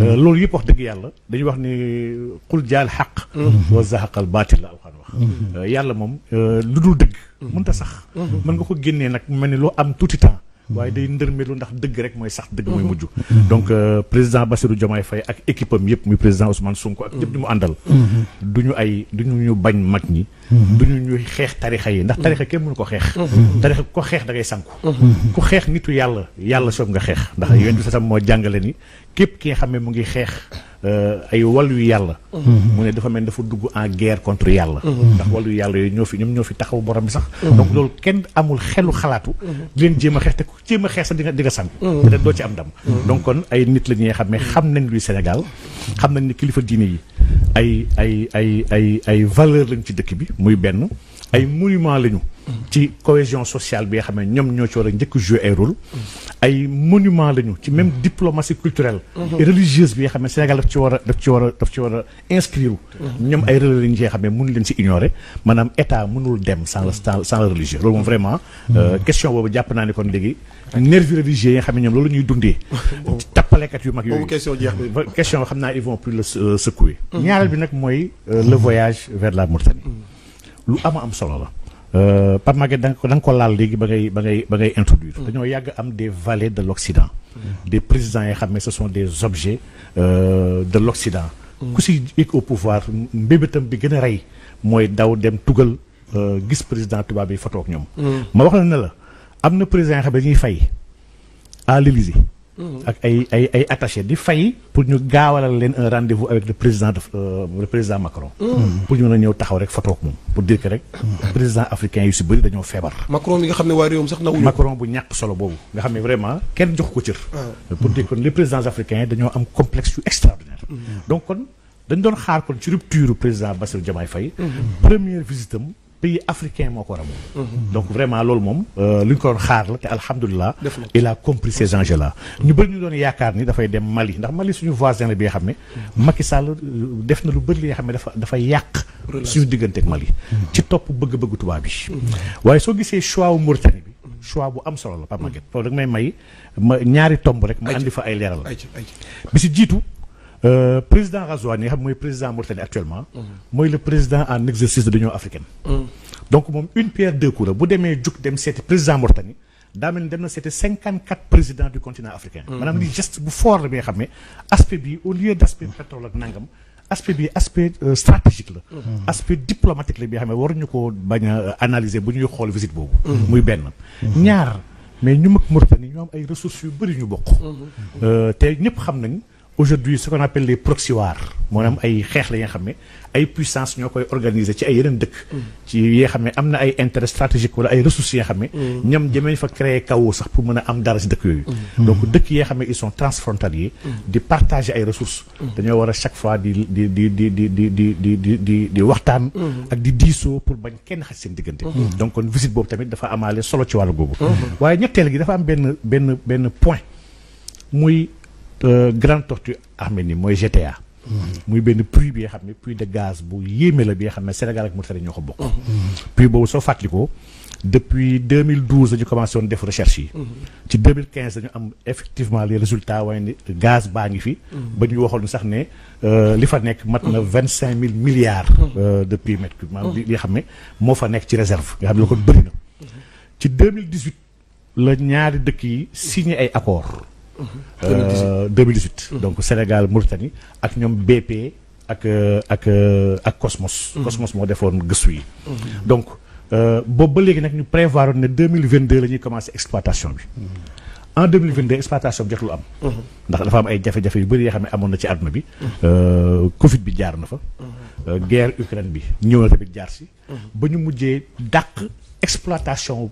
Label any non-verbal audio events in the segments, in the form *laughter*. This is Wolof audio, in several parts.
Euh, mm-hmm. loolu yëpp wax dëgg yàlla dañuy wax ni xul jaal xaq mm-hmm. wa zahaqal baatil la alxaan wax mm-hmm. euh, yàlla moom euh, lu dul dëgg mënta sax mën nga ko génnee nag mel ni loo am tuuti temps waaye day ndërmeelu ndax dëgg rek mooy sax dëgg mooy mujj donc président Bassirou Diomaye fay ak équipe am yëpp muy président Ousmane Sonko ak ñëpp ñu mu àndal du ñu ay du ñu bañ mag ñi du mm-hmm. ñu ñuy xeex tarixa yi ndax tarixa kenn mënu ko xeex mm-hmm. tarixa ko xeex da ngay sànku mm-hmm. ku xeex nitu yàlla yàlla soob nga xeex ndax yonent sasam moo jàngale ni képp ki nga xam ne mu ngi xeex euh, ay wàllu yàlla mu ne dafa mel dafa dugg en guerre contre yàlla ndax wàllu yàlla yooyu ñoo fi ñoom ñoo fi taxaw borom bi sax donc loolu kenn amul xelu xalaatu di leen jéem a xeex te ku jéem a xeex sax di nga di nga sànku doo ci am ndam donc kon ay nit la ñi xam ne xam nañ luy Sénégal xam nañ ni kilifa diine yi ay ay ay ay ay valeur lañ ci dëkk bi muy benn ay monument lañu ci cohésion sociale bi nga xam ne ñoom ñoo ci war a njëkk jouer ay rôle ay monument lañu ci même diplomatie culturelle mhm. et religieuse bi nga xam ne Sénégal daf ci war a daf ci war a daf ci war a inscrire mhm. ñoom ay relais lañu xam ne mënu leen si ignorer maanaam état mënul dem sans sans sans la religieux loolu moom vraiment mhm. euh, question boobu jàpp naa ne kon léegi nervi religieux yi nga xam ne ñoom loolu ñuy dundee *laughs* tappalekat yu mag yooyu question xam naa ils vont plus le euh, secouer ñaareel bi nag mooy euh, le voyage la Mauritanie lu am solo la Euh, Pape Maguette da nga ko da ko laal léegi ba ngay ba ngay ba ngay introduire. Mm. dañoo yàgg am des valets de l'Occident. Mm. des présidents yoo xam ne ce sont des objets euh, de l'Occident. Mm. ku si yëg au pouvoir mbébétam bi gën a rey mooy daw dem tugal euh, gis président tubaab yi photo toog ñoom. ma wax la ne la am na président yoo xam dañuy fay à l'Élysée Mm-hmm. ak ay ay ay attaché di fay pour ñu gaawalal leen un rendez-vous avec le président de euh, président Macron. Mm-hmm. pour ñu mën a ñëw taxaw rek photo ak moom pour dire que rek. Mm-hmm. président africain yu si bëri dañoo feebar. Macron mi nga xam ne waa réewam sax na Macron bu ñàkk solo boobu nga xam ne vraiment kenn jox ko cër. Ah. pour dire que les présidents africains dañoo am complexe yu extraordinaire. donc kon dañ doon xaar kon ci rupture président Bassirou Diomaye Faye. fay visite pays africain moo ko war a moom mhm. donc vraiment loolu moom euh, lu ñu ko doon xaar la te alhamdulilah il a compris ces enjeux là ñu bëri ñu doon yaakaar ni dafay dem Mali ndax Mali suñu voisin la bi nga xam ne mhm. Macky Sall euh, def na lu bëri li nga xam ne dafa dafa yàq suñu diggante ak Mali mhm. ci topp bëgg-bëgg tubaab bi waaye soo gisee choix wu Mauritanie bi choix bu am solo la Pape Maguette loolu rek may may ma ñaari tomb rek ma andi fa ay leeral la bi si jiitu Euh, président Ghazouani xam mooy président Mauritanie actuellement. mooy le président en exercice de l'Union africaine. donc moom une pierre deux coups la bu demee jug dem seeti président Mauritanie dem na seeti cinquante quatre présidents du continent africain. Mm. maanaam li geste bu fort la bi nga xam ne aspect bi au lieu d' aspect pétrole ak nangam. aspect bi aspect euh, stratégique la mm. Mm. aspect diplomatique la bi nga xam ne waruñu ko bañ a euh, analyser bu ñuy xool visite boobu muy benn ñaar mais ñu mag Mauritanie ñoo am ay ressources yu bëri ñu bokk te ñëpp xam nañ aujourd'hui ce qu'on appelle les proxy wars maanaam ay xeex la yi nga xam ne ay puissance ñoo koy organiser ci ay yeneen dëkk ci yi nga xam ne am na ay intérêt stratégique wala ay ressources yi nga xam ne ñoom jëmeeñ fa créer chaos sax pour mën a am dara ci dëkk yooyu donc dëkk yi nga xam ne ils di partager ay ressources dañoo war chaque fois di di di di di di di di di di di waxtaan ak di diisoo pour bañ kenn xaj seen diggante donc kon visite boobu tamit dafa amaale solo ci wàllu googu waaye ñetteel gi Euh, grande tortue ni mooy GTA. Mm-hmm. muy benn puits bi nga xam ne puits de gaz bu yéeme la bi nga xam ne Sénégal ak Mauritanie ñoo ko bokk. Mm-hmm. puits boobu soo fàttalikoo depuis 2012 dañu commencé woon def recherche yi. Mm-hmm. ci 2015 dañu am effectivement les résultats waaye ni gaz baa ngi fi. ba ñu waxoon sax ne euh, li fa nekk mat na 25000 milliards. Euh, de puits mètre cube maanaam li xam ne moo fa nekk ci réserve nga xam ne ko bëri na. ci 2018 la ñaari dëkk yi signé ay accords. 2018 euh, euh, donc Sénégal Mauritanie ak ñoom BP ak euh, ak ak Cosmos. Mm-hmm. Cosmos moo defoon gëstu yi. Mm-hmm. donc boobu ba léegi nag ñu prévoir ne 2022 la ñuy commencé exploitation bi. Mm-hmm. en 2022 exploitation bi jotul am. ndax dafa am ay jafe-jafe yu bëri yoo xam ne amoon na ci àdduna bi. Covid bi jaar na fa. guerre Ukraine bi ñëw na tamit jaar si. ba ñu mujjee dàq exploitation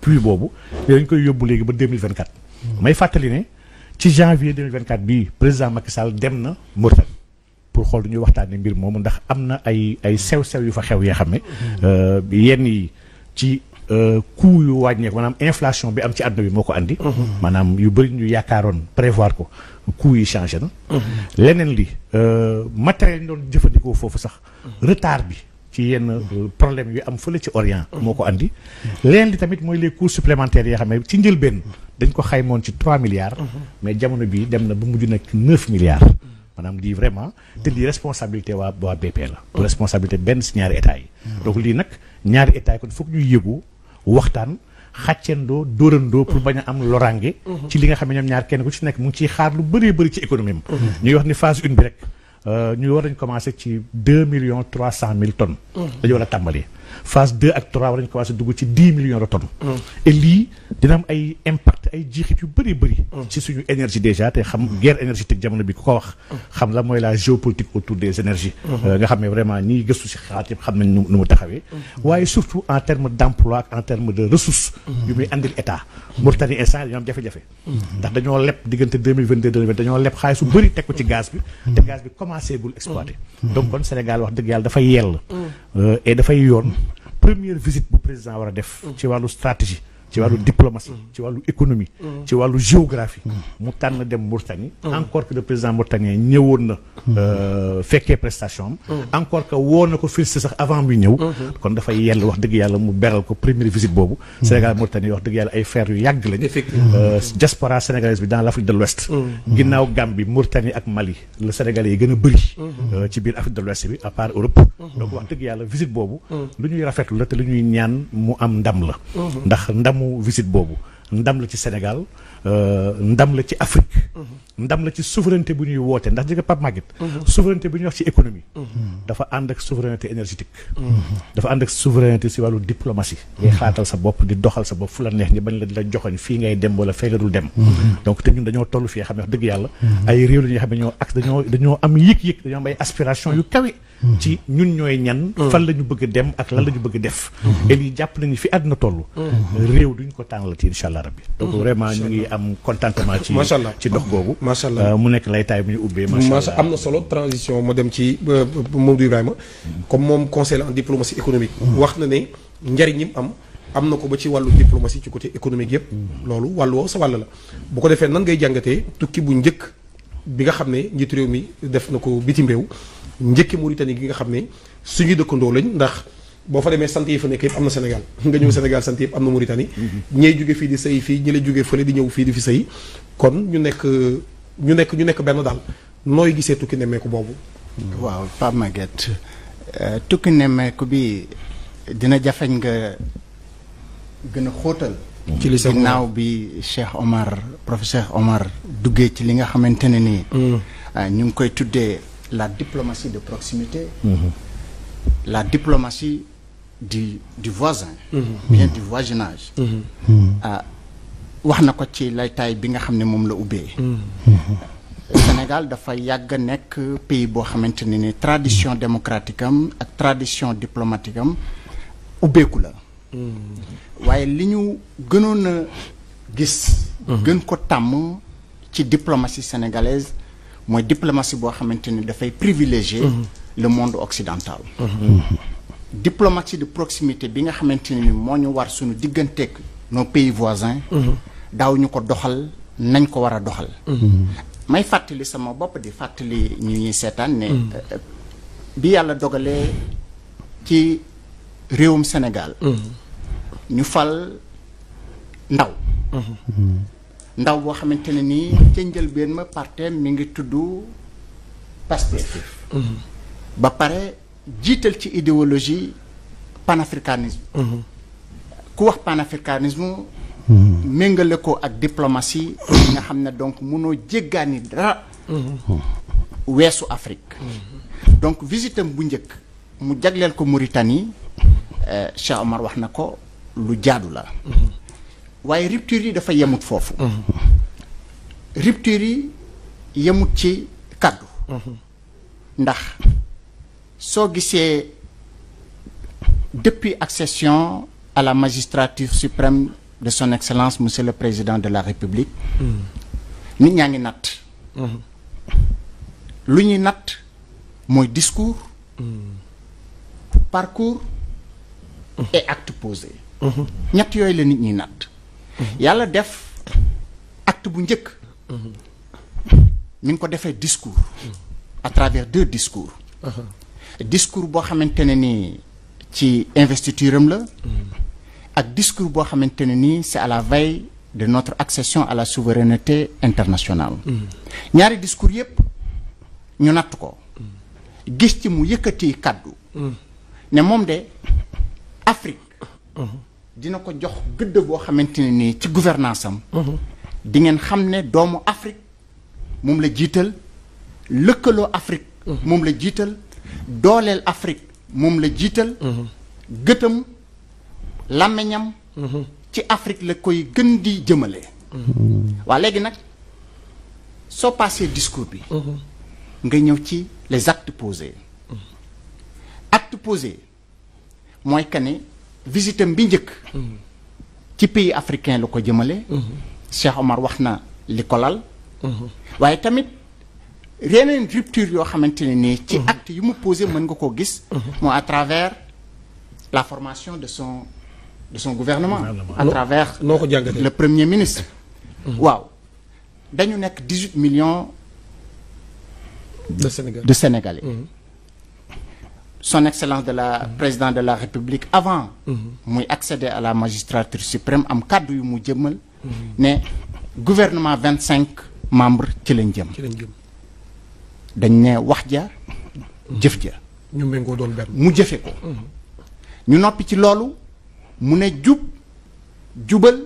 puits boobu dañ koy yóbbu léegi ba 2024. may fàttali ne. ci janvier 2024 bii président Macky Sall dem na Mauritanie pour xool du ñuy waxtaanee mbir moomu ndax am na ay ay sew-sew yu fa xew yoo xam ne euh, yenn yi ci euh, coût yu wàññeeku maanaam inflation bi am ci àdduna bi moo ko andi mhm. maanaam yu bëri ñu yaakaaroon prévoir ko coût yi changé na mhm. leneen li euh, matériel ñu doon jëfandikoo foofu sax mhm. retard bi ci yenn euh, problème yu am fële ci Orient moo ko andi leen li tamit mooy les coûts supplémentaires yoo xam ne ci njëlbeen dañ ko xaymoon ci 3 milliards mais jamono bi dem na ba mujj nag 9 milliards maanaam lii vraiment te lii responsabilité waa waa BP la bu responsabilité benn si ñaari état yi donc lii nag ñaari état yi kon foog ñuy yëgu waxtaan xàccendoo dóorandoo pour bañ a am lorange mmh. ci li nga xam ne ñoom ñaar kenn ku ci nekk mu ngi ciy xaar lu Euh, ñu war nañ commencé ci deux millions trois cent mille tonnes. Mm-hmm. a tàmbali. phase deux ak trois war nañ commencé dugg ci dix millions de tonnes. Mm-hmm. et lii dina ay impact ay jiixit yu bëri bëri. Mm-hmm. ci suñu énergie déjà te xam guerre énergétique jamono bi ku ko wax. xam la mooy la géopolitique autour des énergies. Euh, nga xam ne vraiment ñiy si xalaat yëpp xam nañ nu mu taxawee. waaye surtout en terme d' ak en terme de ressources. yu muy andil état. Mauritanie instant dañoo dañoo leb diggante commencé gul exploité. Mm. donc kon Sénégal wax dëgg yàlla dafay yell. Mm. Euh, et dafay yoon première visite bu président war a def. Mm. ci wàllu stratégie. ci wàllu diplomatie mm. ci wàllu économie mm. ci wàllu géographie mu tànn dem Mauritanie mm. encore que le président mauritanien ñëwoon na euh, fekkee prestation am encore que woo na ko félicité sax avant bi ñëw mm-hmm. kon dafay yell wax dëgg yàlla mu beral ko première visite boobu Sénégal Mauritanie wax dëgg yàlla ay fer yu yàgg lañ euh, diaspora sénégalaise bi dans l'Afrique de l'Ouest ginnaaw Gambie Mauritanie ak Mali la Sénégalais yi gën a bëri mm-hmm. euh, ci biir Afrique de l'Ouest bi à part Europe mm-hmm. donc wax dëgg yàlla visite boobu lu la te lu ñuy ñaan mu la ndamu visite boobu ndam la ci Sénégal euh, ndam la ci Afrique mhm. ndam la ci souveraineté bu ñuy woote ndax jëkk Pape Maguette mhm. souveraineté bu ñuy wax ci économie mhm. dafa ànd ak souveraineté énergétique dafa ànd ak souveraineté si wàllu diplomatie ngay xalaatal sa bopp di doxal sa bopp fu la neex ñi bañ la di joxoñ fii ngay dem wala fee nga dul dem donc te ñun dañoo toll fii xam dëgg yàlla ay réew la ñuy xam ñoo ak dañoo am yëg-yëg dañoo am ay aspiration yu kawe ci ñun ñooy ñan mm. fan la ñu bëgg dem ak lan la ñu bëgg def mm-hmm. et lii jàpp nañu fi àdduna toll mm-hmm. réew duñ ko tànnalati insha allah rabbi mm-hmm. donc vraiment ñu ngi am contentement ci macha allah ci dox macha allah euh, mu nekk lay taay bu ñu ubbee macha am na solo transition ma dem ci euh, euh, Mamadou Ibrahima comme moom conseil en diplomatie économique wax na ne njariñim am am na ko ba ci wàllu diplomatie ci côté économique yëpp loolu wàllu woo sa wàll la bu ko defee nan ngay jàngatee tukki bu njëkk bi nga xam ne njiitu réew mi def na ko bitim réew njëkki Mauritanie gi nga xam ne suñuy dëkkandoo lañ ndax boo fa demee sant yi fa nekk yëpp am na Sénégal *laughs* nga ñëw Sénégal sant yëpp am na Mauritanie mhm. ñey jóge fii di sëy fii ñi la jóge fële di ñëw fii di fi sëy kon ñu nekk ñu nekk ñu nekk benn daal nooy gisee tukki nemmeeku boobu waaw Pape Maguette euh, tukki nemmeeku bi dina jafeñ nga gën a xóotal ci naaw bi Cheikh Omar professeur Omar duggee ci li nga xamante ne nii. Mm. Ah, ñu ngi koy tuddee la diplomatie de proximité. Mm-hmm. la diplomatie du du voisin. Mm-hmm. bien du voisinage. Mm-hmm. Ah, wax na ko ci laytaay bi nga xam ne moom la ubbee. Sénégal dafa yàgg nekk pays boo xamante ne ni tradition démocratique am ak tradition diplomatique am ubbeeku la. waaye li ñu gënoon a gis. Mhm. gën ko tàmm ci diplomatie sénégalaise mooy diplomatie boo xamante ni dafay privilégier. Mhm. le monde occidental. Mhm. diplomatie de proximité bi nga xamante ni moo ñu war suñu digganteeg nos pays voisins. daaw ñu ko doxal nañ ko war a doxal. may fàttali sama bopp di fàttali ñu ñuy seetaan ne. Euh, bi yàlla dogalee ci. réewum Sénégal. ñu fal ndaw. ndaw boo xamante ne nii ca njëlbeen ma parteem mi ngi tudd Pastef ba pare jiital ci idéologie panafricanisme ku wax panafricanisme méngale ko ak diplomatie nga xam ne donc mënoo jéggaani dara weesu Afrique donc visitam bu njëkk mu jagleel ko Mauritanie Eh, Cheikh Omar wax na ko lu jaadu la waaye rupture yi dafa yemut foofu rupture yi yemut ci kàddu ndax soo gisee depuis accession à la magistrature suprême de son excellence monsieur le président de la république nit ñaa ngi natt lu ñuy natt mooy discours parcours et acte posé. ñett yooyu la nit ñi nat yàlla def acte bu njëkk. mi ngi ko defee discours. à travers deux discours. discours boo xamante ne nii ci investiture la. ak discours boo xamante ne nii c'est à la veille de notre accession à la souveraineté internationale. ñaari discours yépp ñu natt ko. gis ci mu yëkkati kàddu. ne moom de. dina ko jox gëdd boo xamante ne nii ci gouvernance am dingeen xam ne doomu Afrique moom la jiital lëkkaloo Afrique moom la jiital dooleel Afrique moom la jiital gëtam làmmiñam ci Afrique la koy gën di jëmale waa léegi nag soo passé discours bi nga ñëw ci les actes posés actes posés mooy que visitam bi njëkk ci pays africain la ko jëmale Cheikh Omar wax na li ko lal waaye tamit yeneen rupture yoo xamante ne nii ci mhm. acte yu mu posé mën nga koo gis mhm. moo à travers la formation de son de son gouvernement à travers noo ko jàngatee le premier ministre mhm. waaw dañu nekk dix-huit millions de Sénégalais de Sénégalais son excellence de la président de la république avant mhm. muy accéder à la magistrature suprême am kàddu yu mu jëmmal ne gouvernement vingt cinq membre ci lañ jëm dañ ne wax ja mhm. jëf ja ñu méngoo doon benn mu jëfe ko mhm. ñu noppi ci loolu mu ne jub jubal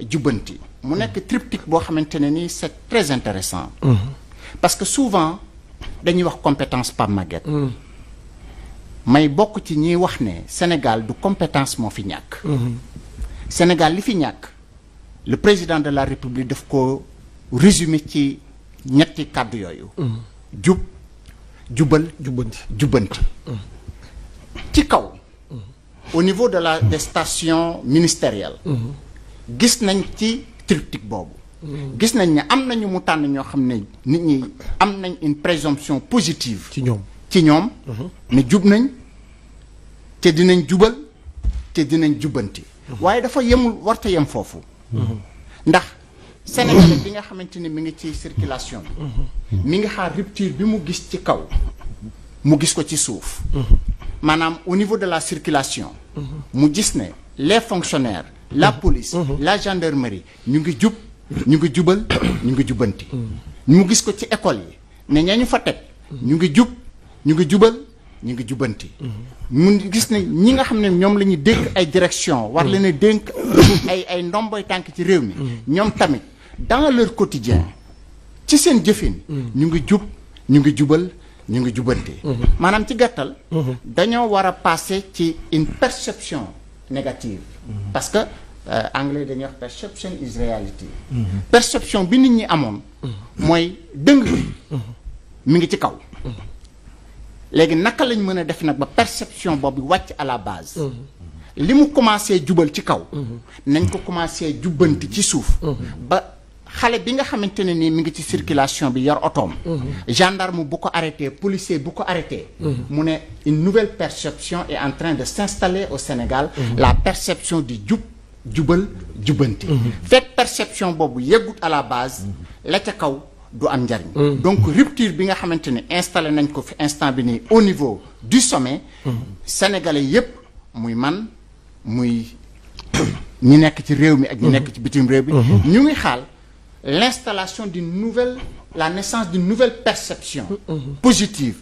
jubbanti mu nekk triptyque boo xamante ne nii c'est très intéressant parce que souvent dañuy wax compétence Pape Maguette may bokk ci ñuy wax ne Sénégal du compétence moo fi ñàkk. Sénégal li fi ñàkk le président de la République daf ko résumer ci ñetti kàddu yooyu. jubal jubbanti jubbanti. ci kaw. au niveau de la des stations gis nañ ci triptyque boobu. gis nañ ne am nañu mu tànn ñoo xam ne nit ñi am nañ une présomption positive. ci ñoom. ci ñoom mhm. ne jub nañ te dinañ jubal te dinañ jubbanti mhm. waaye dafa yemul warta yem foofu mhm. ndax Sénégal bi nga xamante ni mi ngi ci circulation mi ngi xaar rupture bi mu gis ci kaw mu gis ko ci suuf maanaam au niveau de la circulation mu gis ne les fonctionnaires la police la gendarmerie ñu ngi jub ñu ngi jubal ñu ngi jubbanti mu gis ko ci école yi ne ñañu fa teg ñu ngi jub ñu ngi jubal ñu ngi jubanti. mun gis ni ñi nga xam ne ñoom la ñuy dénk ay direction war mm. leen dénk ay ay tànk ci réew mi. Mm. ñoom tamit dans leur quotidien ci seen jëfin. Mm. ñu ngi jub ñu ngi jubal ñu ngi jubanti. Mm-hmm. maanaam ci gàttal. Mm-hmm. dañoo war a passer ci une perception négative. Mm-hmm. parce que euh, anglais dañuy wax perception is reality. perception bi nit ñi amoon. mooy dëng mi ngi ci kaw. léegi naka lañ mën a def nag ba perception boobu wàcc à la base. Mm-hmm. li mu commencé jubal ci kaw. Mm-hmm. nañ ko commencé jubbanti ci suuf. Mm-hmm. ba xale bi nga xamante ne nii mi ngi ci circulation bi yor otoom. gendarme bu ko arrêté policier bu ko arrêté. mu ne une nouvelle perception est en train de s'installer au Sénégal. la perception di jub jubal jubbanti. fekk perception boobu yëgut à la base la ca kaw. du am njariñ mm. donc rupture bi nga xamante ne installé nañ ko fi instant bi nii au niveau du sommet mm. sénégalais yépp muy man muy ñi nekk ci réew mi ak ñi mm. nekk ci bitim réew bi mm-hmm. ñu ngi xaal l'installation d'une nouvelle la naissance du nouvelle perception mm-hmm. positive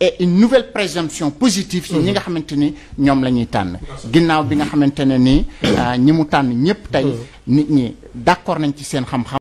et une nouvelle présomption positive ci ñi nga mm-hmm. xamante ni ñoom la ñuy tànn ginnaaw bi nga xamante ne nii ah, ñi mu tànn ñépp tey nit ñi d'accord nañ ci seen xam-xam